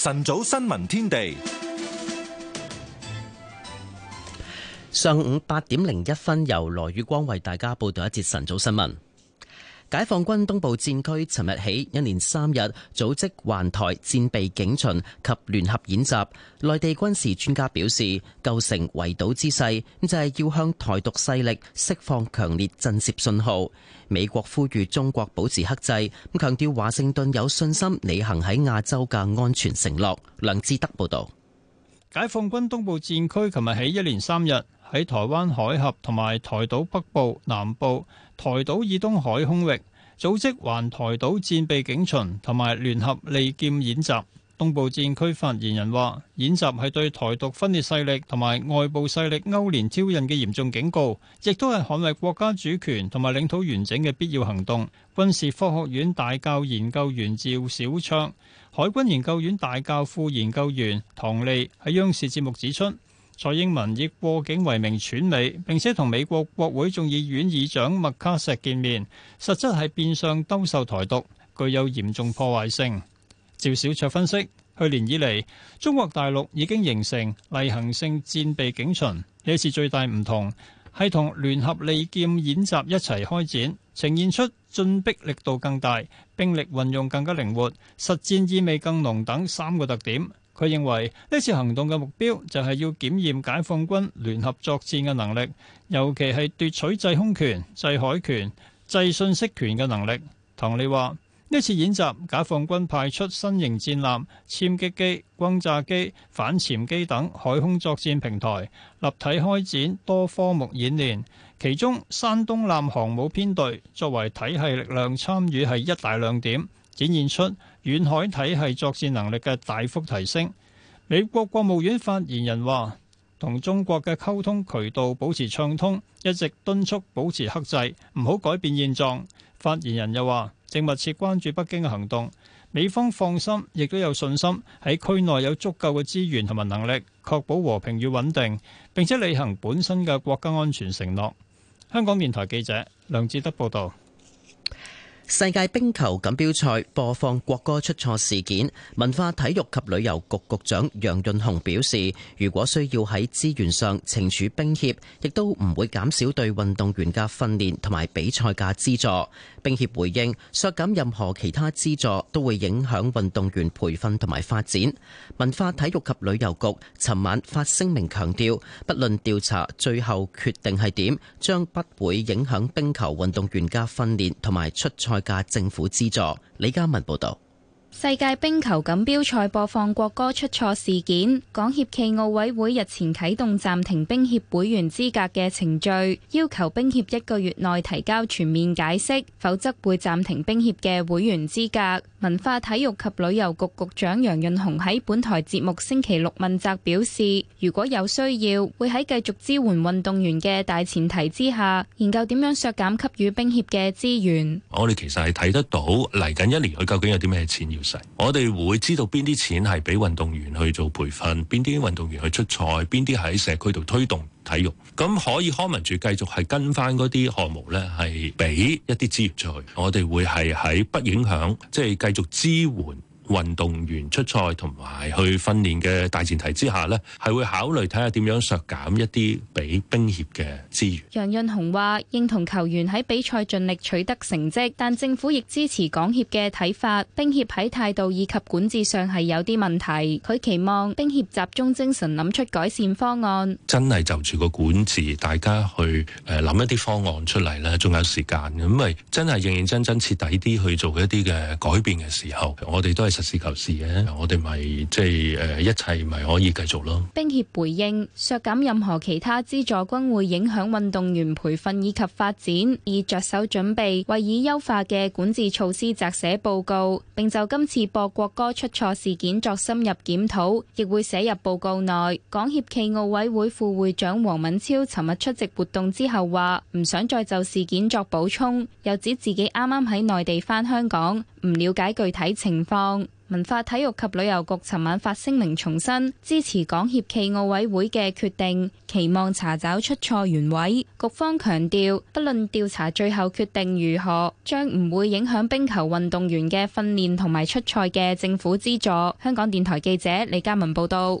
晨早新聞天地，上午八點零一分，由羅宇光為大家報道一節晨早新聞。解放軍東部戰區尋日起一連三日組織環台戰備警巡及聯合演習。內地軍事專家表示，構成圍堵之勢，咁就係要向台獨勢力釋放強烈震懾信號。美國呼籲中國保持克制，咁強調華盛頓有信心履行喺亞洲嘅安全承諾。梁志德報道。解放軍東部戰區尋日起一連三日。喺台灣海峽同埋台島北部、南部、台島以東海空域，組織環台島戰備警巡同埋聯合利劍演習。東部戰區發言人話：演習係對台獨分裂勢力同埋外部勢力勾連招引嘅嚴重警告，亦都係捍衞國家主權同埋領土完整嘅必要行動。軍事科學院大教研究員趙小卓、海軍研究院大教副研究員唐莉喺央視節目指出。蔡英文以過境為名竄美，並且同美國國會眾議院議長麥卡錫見面，實質係變相兜售台獨，具有嚴重破壞性。趙小卓分析，去年以嚟，中國大陸已經形成例行性戰備警巡，呢次最大唔同，係同聯合利劍演習一齊開展，呈現出進逼力度更大、兵力運用更加靈活、實戰意味更濃等三個特點。佢認為呢次行動嘅目標就係要檢驗解放軍聯合作戰嘅能力，尤其係奪取制空權、制海權、制信息權嘅能力。唐利話：呢次演習，解放軍派出新型戰艦、殲擊機、轟炸機、反潛機等海空作戰平台，立體開展多科目演練，其中，山東艦航母編隊作為體系力量參與係一大亮點。展現出遠海體系作戰能力嘅大幅提升。美國國務院發言人話，同中國嘅溝通渠道保持暢通，一直敦促保持克制，唔好改變現狀。發言人又話，正密切關注北京嘅行動。美方放心，亦都有信心喺區內有足夠嘅資源同埋能力，確保和平與穩定，並且履行本身嘅國家安全承諾。香港電台記者梁志德報道。世界冰球錦標賽播放國歌出錯事件，文化體育及旅遊局局長楊潤雄表示，如果需要喺資源上懲處冰協，亦都唔會減少對運動員嘅訓練同埋比賽嘅資助。冰協回應，削減任何其他資助都會影響運動員培訓同埋發展。文化體育及旅遊局尋晚發聲明強調，不論調查最後決定係點，將不會影響冰球運動員嘅訓練同埋出賽嘅政府資助。李嘉文報道。世界冰球錦標賽播放國歌出錯事件，港協暨奧委會日前啟動暫停冰協會員資格嘅程序，要求冰協一個月內提交全面解釋，否則會暫停冰協嘅會員資格。文化體育及旅遊局局長楊潤雄喺本台節目星期六問責表示，如果有需要，會喺繼續支援運動員嘅大前提之下，研究點樣削減給予冰協嘅資源。我哋其實係睇得到嚟緊一年佢究竟有啲咩錢要使，我哋會知道邊啲錢係俾運動員去做培訓，邊啲運動員去出賽，邊啲係喺社區度推動，體育咁可以，康文署繼續係跟返嗰啲項目咧，係俾一啲資源。我哋會係喺不影響，即係繼續支援運動員出賽同埋去訓練嘅大前提之下咧，係會考慮睇下點樣削減一啲俾冰協嘅資源。楊潤雄話認同球員喺比賽盡力取得成績，但政府亦支持港協嘅睇法。冰協喺態度以及管治上係有啲問題，佢期望冰協集中精神諗出改善方案。真係就住個管治，大家去誒諗一啲方案出嚟咧，仲有時間，咁為真係認認真真徹底啲去做一啲嘅改變嘅時候，我哋都係。實事求是嘅，我哋咪即係誒，一切咪可以繼續咯。冰協回應削減任何其他資助，均會影響運動員培訓以及發展，已着手準備為已優化嘅管治措施撰寫報告，並就今次播國歌出錯事件作深入檢討，亦會寫入報告內。港協暨奧委會副會長黃敏超尋日出席活動之後話，唔想再就事件作補充，又指自己啱啱喺內地返香港，唔了解具體情況。文化體育及旅遊局尋晚發聲明重申支持港協暨奧委會嘅決定，期望查找出錯原委。局方強調，不論調查最後決定如何，將唔會影響冰球運動員嘅訓練同埋出賽嘅政府資助。香港電台記者李嘉文報道。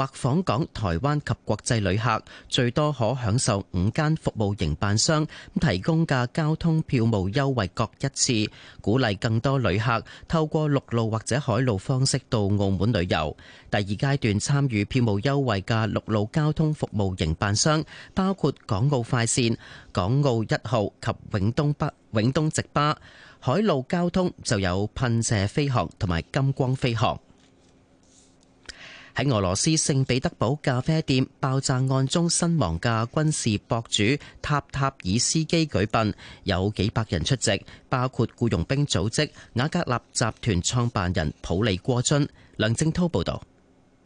或訪港、台灣及國際旅客最多可享受五間服務營辦商提供嘅交通票務優惠各一次，鼓勵更多旅客透過陸路或者海路方式到澳門旅遊。第二階段參與票務優惠嘅陸路交通服務營辦商包括港澳快線、港澳一號及永東北永東直巴，海路交通就有噴射飛航同埋金光飛航。喺俄羅斯聖彼得堡咖啡店爆炸案中身亡嘅軍事博主塔塔爾斯基舉殯，有幾百人出席，包括僱傭兵組織瓦格納集團創辦人普利過津。梁正濤報道，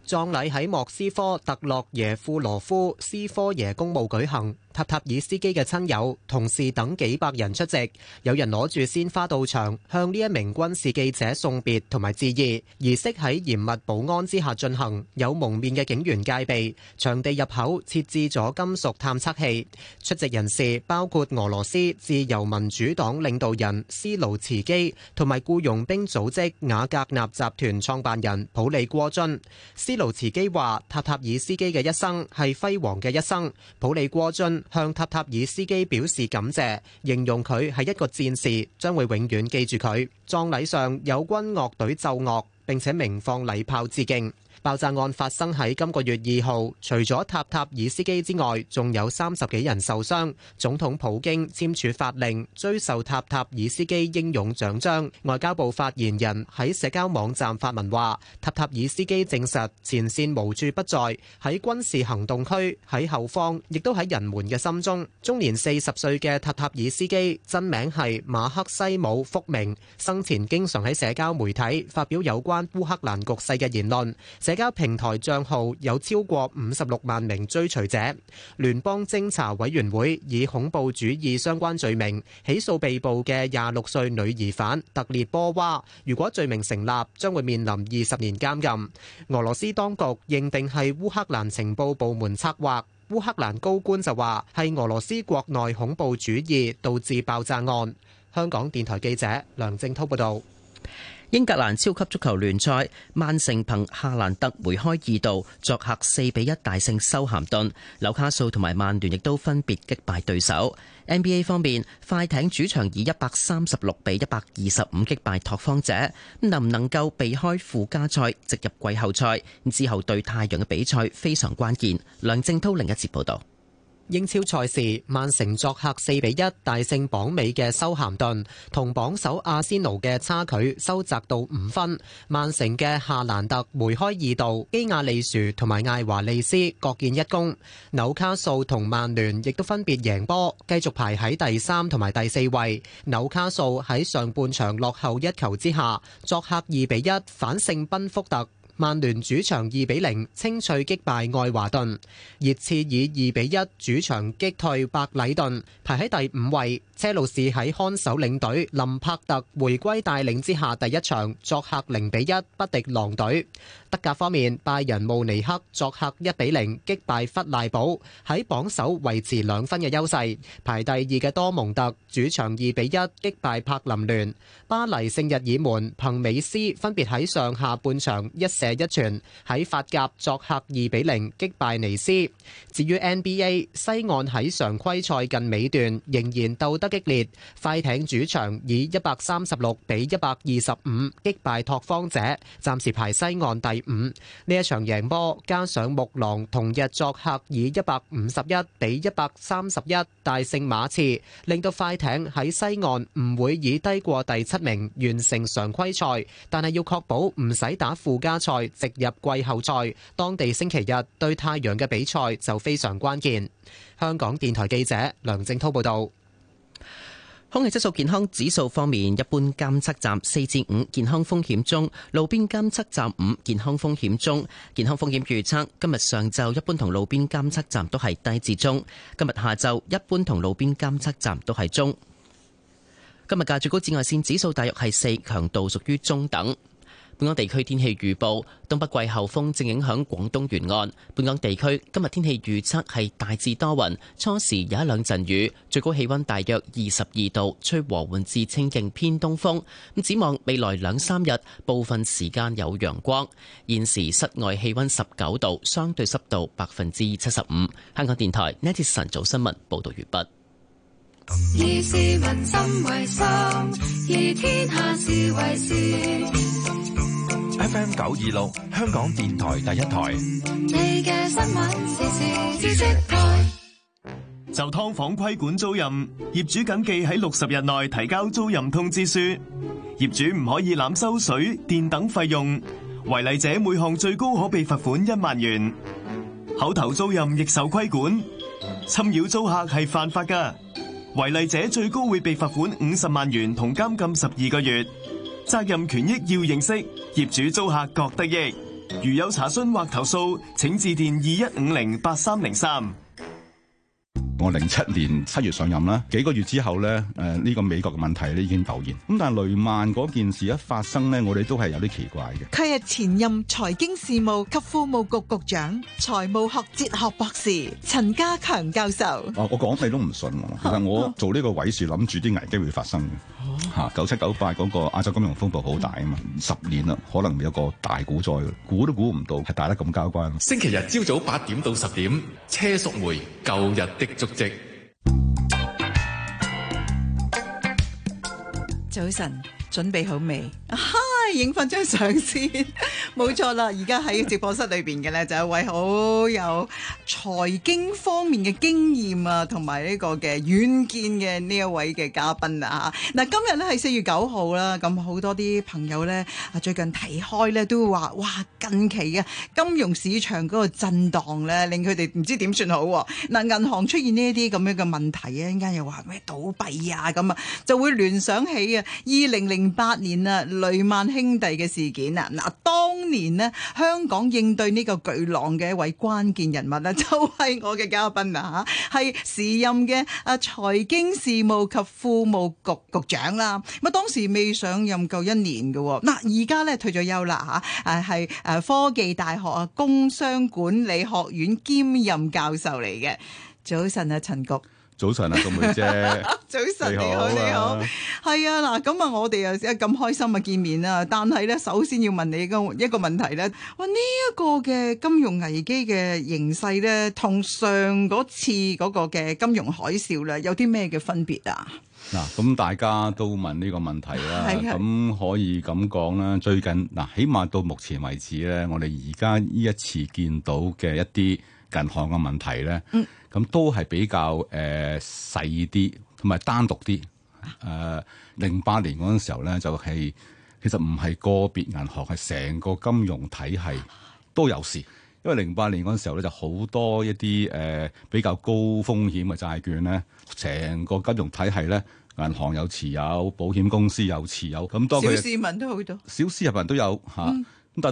葬禮喺莫斯科特洛耶夫羅夫斯科耶公墓舉行。塔塔爾斯基嘅親友、同事等幾百人出席，有人攞住鮮花到場，向呢一名軍事記者送別同埋致意。儀式喺嚴密保安之下進行，有蒙面嘅警員戒備，場地入口設置咗金屬探測器。出席人士包括俄羅斯自由民主黨領導人斯盧茨基同埋僱傭兵組織瓦格納集團創辦人普利戈津。斯盧茨基話：塔塔爾斯基嘅一生係輝煌嘅一生。普利戈津向塔塔爾斯基表示感謝，形容佢係一個戰士，將會永遠記住佢。葬禮上有軍樂隊奏樂，並且鳴放禮炮致敬。爆炸案發生喺今個月二號，除咗塔塔爾斯基之外，仲有三十幾人受傷。總統普京簽署法令追授塔塔爾斯基英勇獎章。外交部發言人喺社交網站發文話：塔塔爾斯基證實前線無處不在，喺軍事行動區，喺後方，亦都喺人們嘅心中。終年四十歲嘅塔塔爾斯基真名係馬克西姆·福明，生前經常喺社交媒體發表有關烏克蘭局勢嘅言論。社交平台賬號有超過五十六萬名追隨者。聯邦偵查委員會以恐怖主義相關罪名起訴被捕嘅廿六歲女疑犯特列波娃。如果罪名成立，將會面臨二十年監禁。俄羅斯當局認定係烏克蘭情報部門策劃。烏克蘭高官就話係俄羅斯國內恐怖主義導致爆炸案。香港電台記者梁正濤報道。英格蘭超級足球聯賽，曼城憑夏蘭德梅開二度作客四比一大勝修咸頓，紐卡素同埋曼聯亦都分別擊敗對手。NBA 方面，快艇主場以一百三十六比一百二十五擊敗拓荒者，能唔能夠避開附加賽直入季後賽？之後對太陽嘅比賽非常關鍵。梁靜濤另一節報道。英超賽事，曼城作客四比一大勝榜尾嘅修咸頓，同榜首阿仙奴嘅差距收窄到五分。曼城嘅夏蘭特梅開二度、基亞利殊同埋艾華利斯各建一功。紐卡素同曼聯亦都分別贏波，繼續排喺第三同埋第四位。紐卡素喺上半場落後一球之下，作客二比一反勝賓福特。曼聯主場二比零清脆擊敗愛華頓，熱刺以二比一主場擊退白禮頓，排喺第五位。車路士喺看守領隊林柏特回歸帶領之下，第一場作客零比一，不敵狼隊。德甲方面，拜仁慕尼黑作客一比零擊敗弗賴堡，喺榜首維持兩分嘅優勢。排第二嘅多蒙特主場二比一擊敗柏林聯，巴黎聖日耳門，憑美斯分別喺上下半場一射一傳，喺法甲作客二比零擊敗尼斯。至於 NBA，西岸喺常規賽近尾段仍然鬥得激烈，快艇主場以一百三十六比一百二十五擊敗拓荒者，暫時排西岸第五。呢一場贏波，加上木狼同日作客以一百五十一比一百三十一大勝馬刺，令到快艇喺西岸唔會以低過第七名完成常規賽，但係要確保唔使打附加賽，直入季後賽。當地星期日對太陽嘅比賽就非常關鍵。香港電台記者梁正滔報道。空氣質素健康指數方面，一般監測站四至五，健康風險中；路邊監測站五，健康風險中。健康風險預測：今日上晝一般同路邊監測站都係低至中；今日下晝一般同路邊監測站都係中。今日嘅最高紫外線指數大約係四，強度屬於中等。本港地區天氣預報，東北季候風正影響廣東沿岸。本港地區今日天氣預測係大致多雲，初時有一兩陣雨，最高氣溫大約二十二度，吹和緩至清勁偏東風。咁展望未來兩三日，部分時間有陽光。現時室外氣溫十九度，相對濕度百分之七十五。香港電台 n 呢次晨早新聞報道完畢。FM 九二六，香港電台第一台。試試試試台就劏房規管租賃，業主謹記喺六十日內提交租賃通知書。業主唔可以濫收水電等費用，違例者每項最高可被罰款一萬元。口頭租賃亦受規管，侵擾租客係犯法噶，違例者最高會被罰款五十萬元同監禁十二個月。責任權益要認識，業主租客各得益。如有查詢或投訴，請致電二一五零八三零三。我零七年七月上任啦，幾個月之後呢，誒、呃、呢、這個美國嘅問題咧已經浮現。咁但係雷曼嗰件事一發生呢，我哋都係有啲奇怪嘅。佢係前任財經事務及副務局局長、財務學哲學博士陳家強教授。哦、啊，我講你都唔信。其實我做呢個位是諗住啲危機會發生嘅。吓、哦。九七九八嗰個亞洲金融風暴好大啊嘛，十、嗯、年啦，可能有個大股災，估都估唔到大，係打得咁交關。星期日朝早八點到十點，車淑梅舊日的續。早晨，準備好未？真係影翻張相先，冇錯啦！而家喺直播室裏邊嘅咧，就係一位好有財經方面嘅經驗啊，同埋呢個嘅遠見嘅呢一位嘅嘉賓啊！嗱，今日咧係四月九號啦，咁好多啲朋友咧啊，最近睇開咧都會話，哇，近期啊，金融市場嗰個震蕩咧，令佢哋唔知點算好。嗱，銀行出現呢一啲咁樣嘅問題啊，一陣間又話咩倒閉啊咁啊，就會聯想起啊，二零零八年啊，雷曼。兄弟嘅事件啊！嗱，當年呢，香港應對呢個巨浪嘅一位關鍵人物啦，就係我嘅嘉賓啊吓，係 時任嘅啊財經事務及庫務局局，局長啦。咁啊，當時未上任夠一年㗎，嗱，而家咧退咗休啦吓，誒係誒科技大學啊工商管理學院兼任教授嚟嘅。早晨啊，陳局。早晨啊，個梅姐，早晨，你好，你好，係啊，嗱，咁啊，我哋又一咁開心啊見面啦，但係咧，首先要問你個一個問題咧，哇，呢一個嘅金融危機嘅形勢咧，同上嗰次嗰個嘅金融海嘯咧，有啲咩嘅分別啊？嗱，咁大家都問呢個問題啦，咁可以咁講啦，最近嗱，起碼到目前為止咧，我哋而家呢一次見到嘅一啲。銀行嘅問題咧，咁、嗯、都係比較誒細啲，同、呃、埋單獨啲。誒、呃，零八年嗰陣時候咧，就係、是、其實唔係個別銀行，係成個金融體系都有事。因為零八年嗰陣時候咧，就好、是、多一啲誒、呃、比較高風險嘅債券咧，成個金融體系咧，銀行有持有，保險公司有持有，咁多小市民都好多，小市民都有吓。啊嗯